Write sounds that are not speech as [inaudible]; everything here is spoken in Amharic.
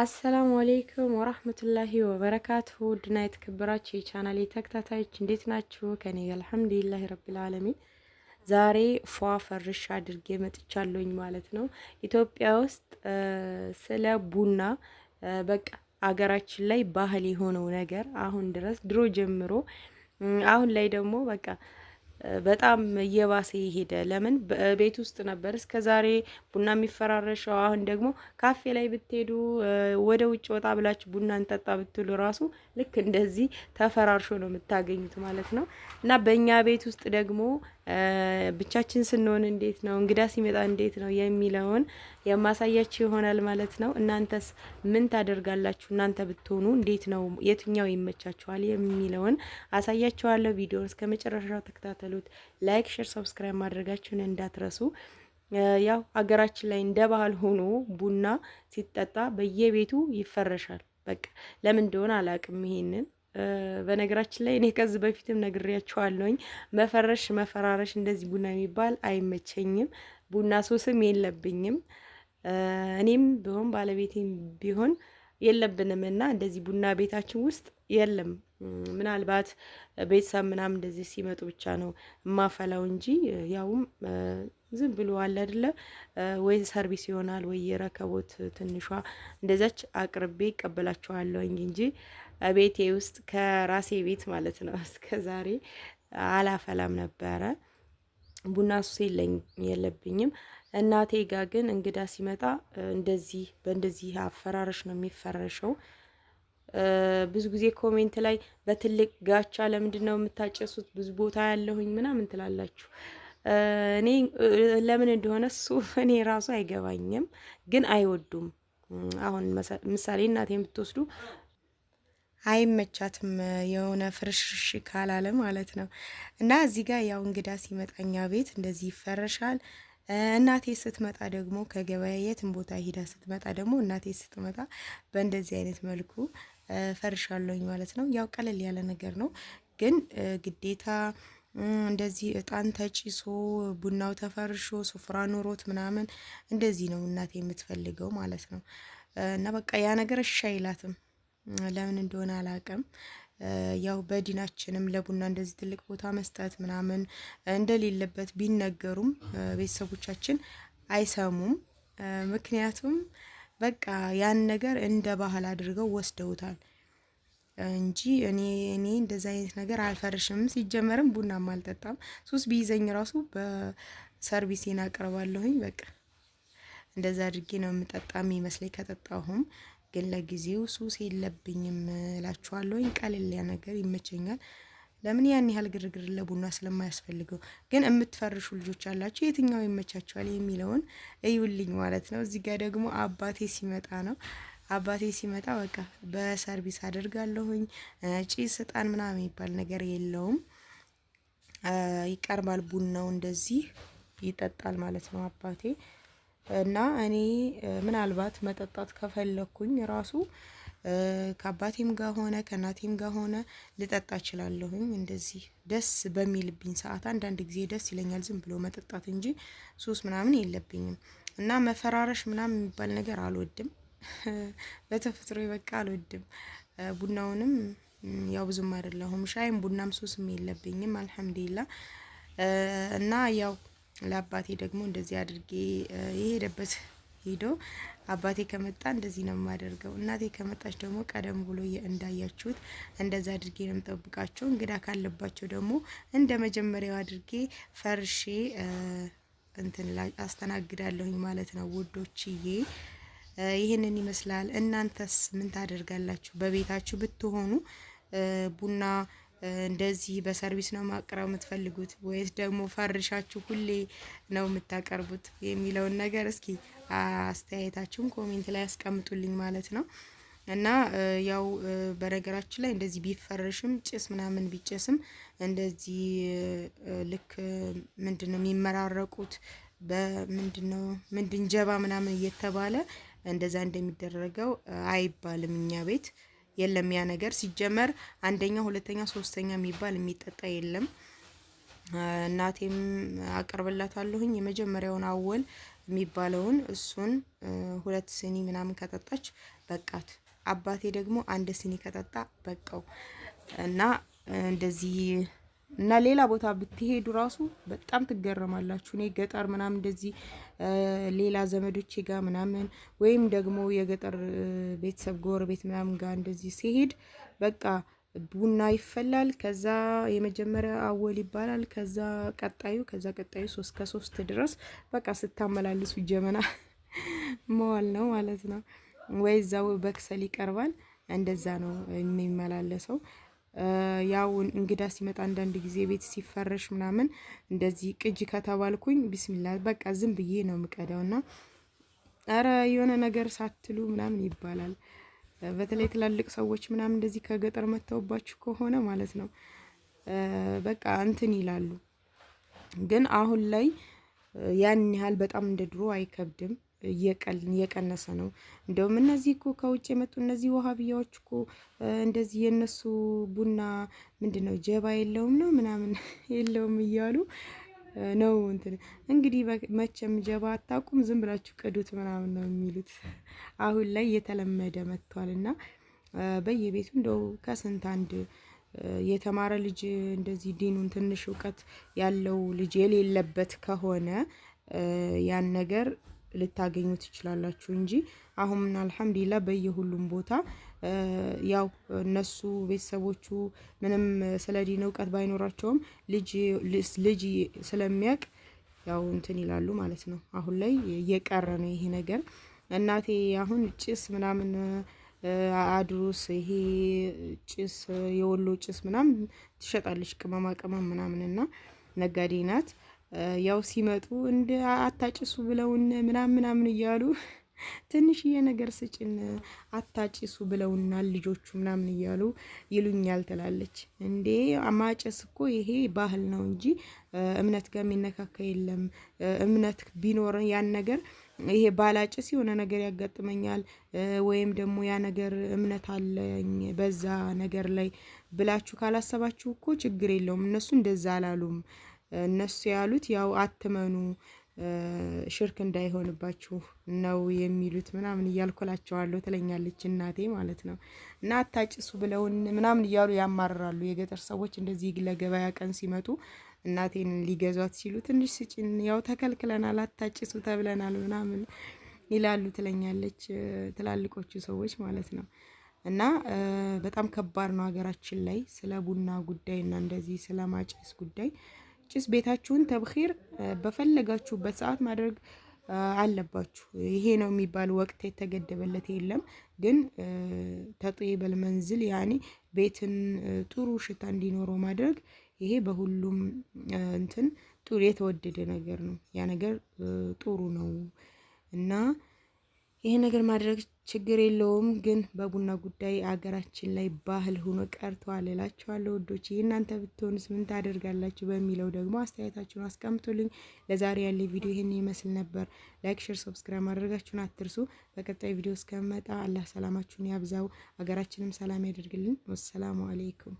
አሰላሙ አሌይኩም ወራህመቱላሂ ወበረካቱሁ ውድና የተከበራችሁ የቻናሌ ተከታታዮች እንዴት ናችሁ? ከኔ አልሐምዱሊላህ ረቢል ዛሬ ፏ ፈርሽ አድርጌ መጥቻለሁኝ ማለት ነው። ኢትዮጵያ ውስጥ ስለ ቡና በቃ አገራችን ላይ ባህል የሆነው ነገር አሁን ድረስ ድሮ ጀምሮ አሁን ላይ ደግሞ በቃ በጣም እየባሰ የሄደ ለምን ቤት ውስጥ ነበር እስከ ዛሬ ቡና የሚፈራረሸው። አሁን ደግሞ ካፌ ላይ ብትሄዱ ወደ ውጭ ወጣ ብላችሁ ቡና እንጠጣ ብትሉ ራሱ ልክ እንደዚህ ተፈራርሾ ነው የምታገኙት ማለት ነው እና በእኛ ቤት ውስጥ ደግሞ ብቻችን ስንሆን እንዴት ነው፣ እንግዳ ሲመጣ እንዴት ነው የሚለውን የማሳያችሁ ይሆናል ማለት ነው። እናንተስ ምን ታደርጋላችሁ? እናንተ ብትሆኑ እንዴት ነው፣ የትኛው ይመቻችኋል የሚለውን አሳያችኋለሁ። ቪዲዮን እስከ መጨረሻው ተከታተሉት። ላይክ፣ ሼር፣ ሰብስክራይብ ማድረጋችሁን እንዳትረሱ። ያው ሀገራችን ላይ እንደ ባህል ሆኖ ቡና ሲጠጣ በየቤቱ ይፈረሻል። በቃ ለምን እንደሆነ አላቅም ይሄንን በነገራችን ላይ እኔ ከዚህ በፊትም ነግሬያቸዋለሁኝ። መፈረሽ መፈራረሽ እንደዚህ ቡና የሚባል አይመቸኝም። ቡና ሶስም የለብኝም። እኔም ቢሆን ባለቤቴም ቢሆን የለብንም እና እንደዚህ ቡና ቤታችን ውስጥ የለም። ምናልባት ቤተሰብ ምናምን እንደዚህ ሲመጡ ብቻ ነው የማፈላው እንጂ ያውም ዝም ብሎ አለ አይደለ ወይ ሰርቪስ ይሆናል ወይ የረከቦት ትንሿ እንደዛች አቅርቤ ይቀበላችኋለሁኝ እንጂ ቤቴ ውስጥ ከራሴ ቤት ማለት ነው። [laughs] እስከ ዛሬ አላፈላም ነበረ ቡና ሱስ የለብኝም። እናቴ ጋ ግን እንግዳ ሲመጣ እንደዚህ በእንደዚህ አፈራረሽ ነው የሚፈረሸው። ብዙ ጊዜ ኮሜንት ላይ በትልቅ ጋቻ ለምንድን ነው የምታጨሱት? ብዙ ቦታ ያለሁኝ ምናምን ትላላችሁ። እኔ ለምን እንደሆነ እሱ [laughs] እኔ ራሱ አይገባኝም፣ ግን አይወዱም። አሁን ምሳሌ እናቴ የምትወስዱ አይመቻትም የሆነ ፍርሽርሽ ካላለ ማለት ነው። እና እዚህ ጋር ያው እንግዳ ሲመጣኛ ቤት እንደዚህ ይፈረሻል። እናቴ ስትመጣ ደግሞ ከገበያ የትም ቦታ ሂዳ ስትመጣ ደግሞ እናቴ ስትመጣ በእንደዚህ አይነት መልኩ ፈርሻለኝ ማለት ነው። ያው ቀለል ያለ ነገር ነው ግን ግዴታ እንደዚህ እጣን ተጭሶ ቡናው ተፈርሾ ስፍራ ኑሮት ምናምን እንደዚህ ነው እናቴ የምትፈልገው ማለት ነው። እና በቃ ያ ነገር እሺ አይላትም። ለምን እንደሆነ አላውቅም። ያው በዲናችንም ለቡና እንደዚህ ትልቅ ቦታ መስጠት ምናምን እንደሌለበት ቢነገሩም ቤተሰቦቻችን አይሰሙም። ምክንያቱም በቃ ያን ነገር እንደ ባህል አድርገው ወስደውታል እንጂ እኔ እኔ እንደዛ አይነት ነገር አልፈርሽም። ሲጀመርም ቡናም አልጠጣም። ሱስ ቢይዘኝ ራሱ በሰርቪሴን አቀርባለሁኝ። በቃ እንደዛ አድርጌ ነው የምጠጣም ይመስለኝ ከጠጣሁም ግን ለጊዜው ሱስ የለብኝም እላችኋለሁኝ። ቀለል ያ ነገር ይመቸኛል። ለምን ያን ያህል ግርግር ለቡና ስለማያስፈልገው። ግን የምትፈርሹ ልጆች አላችሁ፣ የትኛው ይመቻችኋል የሚለውን እዩልኝ ማለት ነው። እዚህ ጋር ደግሞ አባቴ ሲመጣ ነው። አባቴ ሲመጣ በቃ በሰርቪስ አደርጋለሁኝ። ጭስ ስጣን ምናምን የሚባል ነገር የለውም። ይቀርባል ቡናው እንደዚህ ይጠጣል ማለት ነው አባቴ እና እኔ ምናልባት መጠጣት ከፈለኩኝ ራሱ ከአባቴም ጋር ሆነ ከእናቴም ጋር ሆነ ልጠጣ እችላለሁኝ። እንደዚህ ደስ በሚልብኝ ሰዓት አንዳንድ ጊዜ ደስ ይለኛል ዝም ብሎ መጠጣት እንጂ ሱስ ምናምን የለብኝም እና መፈራረሽ ምናምን የሚባል ነገር አልወድም። [laughs] በተፈጥሮ በቃ አልወድም። ቡናውንም ያው ብዙም አይደለሁም ሻይም ቡናም ሱስም የለብኝም አልሐምዱሊላ። እና ያው ለአባቴ ደግሞ እንደዚህ አድርጌ የሄደበት ሄዶ አባቴ ከመጣ እንደዚህ ነው የማደርገው። እናቴ ከመጣች ደግሞ ቀደም ብሎ እንዳያችሁት እንደዛ አድርጌ ነው የምጠብቃቸው። እንግዳ ካለባቸው ደግሞ እንደ መጀመሪያው አድርጌ ፈርሼ እንትን ላይ አስተናግዳለሁኝ ማለት ነው ውዶችዬ። ይህንን ይመስላል። እናንተስ ምን ታደርጋላችሁ? በቤታችሁ ብትሆኑ ቡና እንደዚህ በሰርቪስ ነው ማቅረብ የምትፈልጉት ወይስ ደግሞ ፈርሻችሁ ሁሌ ነው የምታቀርቡት የሚለውን ነገር እስኪ አስተያየታችሁን ኮሜንት ላይ ያስቀምጡልኝ ማለት ነው። እና ያው በነገራችን ላይ እንደዚህ ቢፈርሽም ጭስ ምናምን ቢጨስም እንደዚህ ልክ ምንድን ነው የሚመራረቁት በምንድን ነው ምንድን ጀባ ምናምን እየተባለ እንደዛ እንደሚደረገው አይባልም እኛ ቤት። የለም ያ ነገር ሲጀመር አንደኛ፣ ሁለተኛ፣ ሶስተኛ የሚባል የሚጠጣ የለም። እናቴም አቀርብላታለሁኝ የመጀመሪያውን አወል የሚባለውን እሱን ሁለት ስኒ ምናምን ከጠጣች በቃት። አባቴ ደግሞ አንድ ስኒ ከጠጣ በቃው እና እንደዚህ እና ሌላ ቦታ ብትሄዱ ራሱ በጣም ትገረማላችሁ። እኔ ገጠር ምናምን እንደዚህ ሌላ ዘመዶቼ ጋር ምናምን ወይም ደግሞ የገጠር ቤተሰብ ጎረቤት ምናምን ጋር እንደዚህ ሲሄድ በቃ ቡና ይፈላል። ከዛ የመጀመሪያ አወል ይባላል። ከዛ ቀጣዩ ከዛ ቀጣዩ ሶስት ከሶስት ድረስ በቃ ስታመላልሱ ጀመና [laughs] መዋል ነው ማለት ነው። ወይ እዛው በክሰል ይቀርባል። እንደዛ ነው የሚመላለሰው። ያው እንግዳ ሲመጣ አንዳንድ ጊዜ ቤት ሲፈረሽ ምናምን እንደዚህ ቅጅ ከተባልኩኝ ቢስሚላ በቃ ዝም ብዬ ነው የምቀዳው እና ኧረ የሆነ ነገር ሳትሉ ምናምን ይባላል። በተለይ ትላልቅ ሰዎች ምናምን እንደዚህ ከገጠር መጥተውባችሁ ከሆነ ማለት ነው በቃ እንትን ይላሉ። ግን አሁን ላይ ያን ያህል በጣም እንደ ድሮ አይከብድም። እየቀነሰ ነው። እንደውም እነዚህ እኮ ከውጭ የመጡ እነዚህ ውሃብያዎች እኮ እንደዚህ የነሱ ቡና ምንድን ነው ጀባ የለውም ነው ምናምን [laughs] የለውም እያሉ ነው እንትን እንግዲህ መቼም ጀባ አታውቁም፣ ዝም ብላችሁ ቅዱት ምናምን ነው የሚሉት። አሁን ላይ እየተለመደ መጥቷል እና በየቤቱ እንደው ከስንት አንድ የተማረ ልጅ እንደዚህ ዲኑን ትንሽ እውቀት ያለው ልጅ የሌለበት ከሆነ ያን ነገር ልታገኙ ትችላላችሁ እንጂ አሁን አልሐምዱሊላ በየሁሉም ቦታ ያው እነሱ ቤተሰቦቹ ምንም ስለ ዲን እውቀት ባይኖራቸውም ልጅ ስለሚያውቅ ያው እንትን ይላሉ ማለት ነው። አሁን ላይ እየቀረ ነው ይሄ ነገር። እናቴ አሁን ጭስ ምናምን አድሩስ ይሄ ጭስ የወሎ ጭስ ምናምን ትሸጣለች፣ ቅመማ ቅመም ምናምን እና ነጋዴ ናት። ያው ሲመጡ እንደ አታጭሱ ብለውን ምናምን ምናምን እያሉ ትንሽዬ ነገር ስጭን አታጭሱ ብለውናል ልጆቹ ምናምን እያሉ ይሉኛል ትላለች። እንዴ ማጨስ እኮ ይሄ ባህል ነው እንጂ እምነት ጋር የሚነካካ የለም። እምነት ቢኖር ያን ነገር ይሄ ባላጭስ የሆነ ነገር ያጋጥመኛል ወይም ደግሞ ያ ነገር እምነት አለኝ በዛ ነገር ላይ ብላችሁ ካላሰባችሁ እኮ ችግር የለውም። እነሱ እንደዛ አላሉም። እነሱ ያሉት ያው አትመኑ ሽርክ እንዳይሆንባችሁ ነው የሚሉት ምናምን እያልኩ ትለኛለች እናቴ ማለት ነው። እና አታጭሱ ብለውን ምናምን እያሉ ያማርራሉ። የገጠር ሰዎች እንደዚህ ለገበያ ቀን ሲመጡ እናቴን ሊገዟት ሲሉ ትንሽ ስጭን፣ ያው ተከልክለናል፣ አታጭሱ ተብለናል ምናምን ይላሉ ትለኛለች፣ ትላልቆቹ ሰዎች ማለት ነው። እና በጣም ከባድ ነው ሀገራችን ላይ ስለ ቡና ጉዳይ እና እንደዚህ ስለ ማጨስ ጉዳይ ጭስ ቤታችሁን ተብኺር በፈለጋችሁበት ሰዓት ማድረግ አለባችሁ። ይሄ ነው የሚባል ወቅት የተገደበለት የለም። ግን ተጥይበል መንዝል ያኒ ቤትን ጥሩ ሽታ እንዲኖረው ማድረግ ይሄ በሁሉም እንትን ጥሩ የተወደደ ነገር ነው። ያ ነገር ጥሩ ነው እና ይህ ነገር ማድረግ ችግር የለውም፣ ግን በቡና ጉዳይ አገራችን ላይ ባህል ሆኖ ቀርተዋል እላችኋለሁ ውዶች። እናንተ ብትሆኑስ ምን ታደርጋላችሁ በሚለው ደግሞ አስተያየታችሁን አስቀምጡልኝ። ለዛሬ ያለ ቪዲዮ ይህን ይመስል ነበር። ላይክ፣ ሼር፣ ሰብስክራይብ ማድረጋችሁን አትርሱ። በቀጣይ ቪዲዮ እስከመጣ አላህ ሰላማችሁን ያብዛው፣ አገራችንም ሰላም ያደርግልን። ወሰላሙ አሌይኩም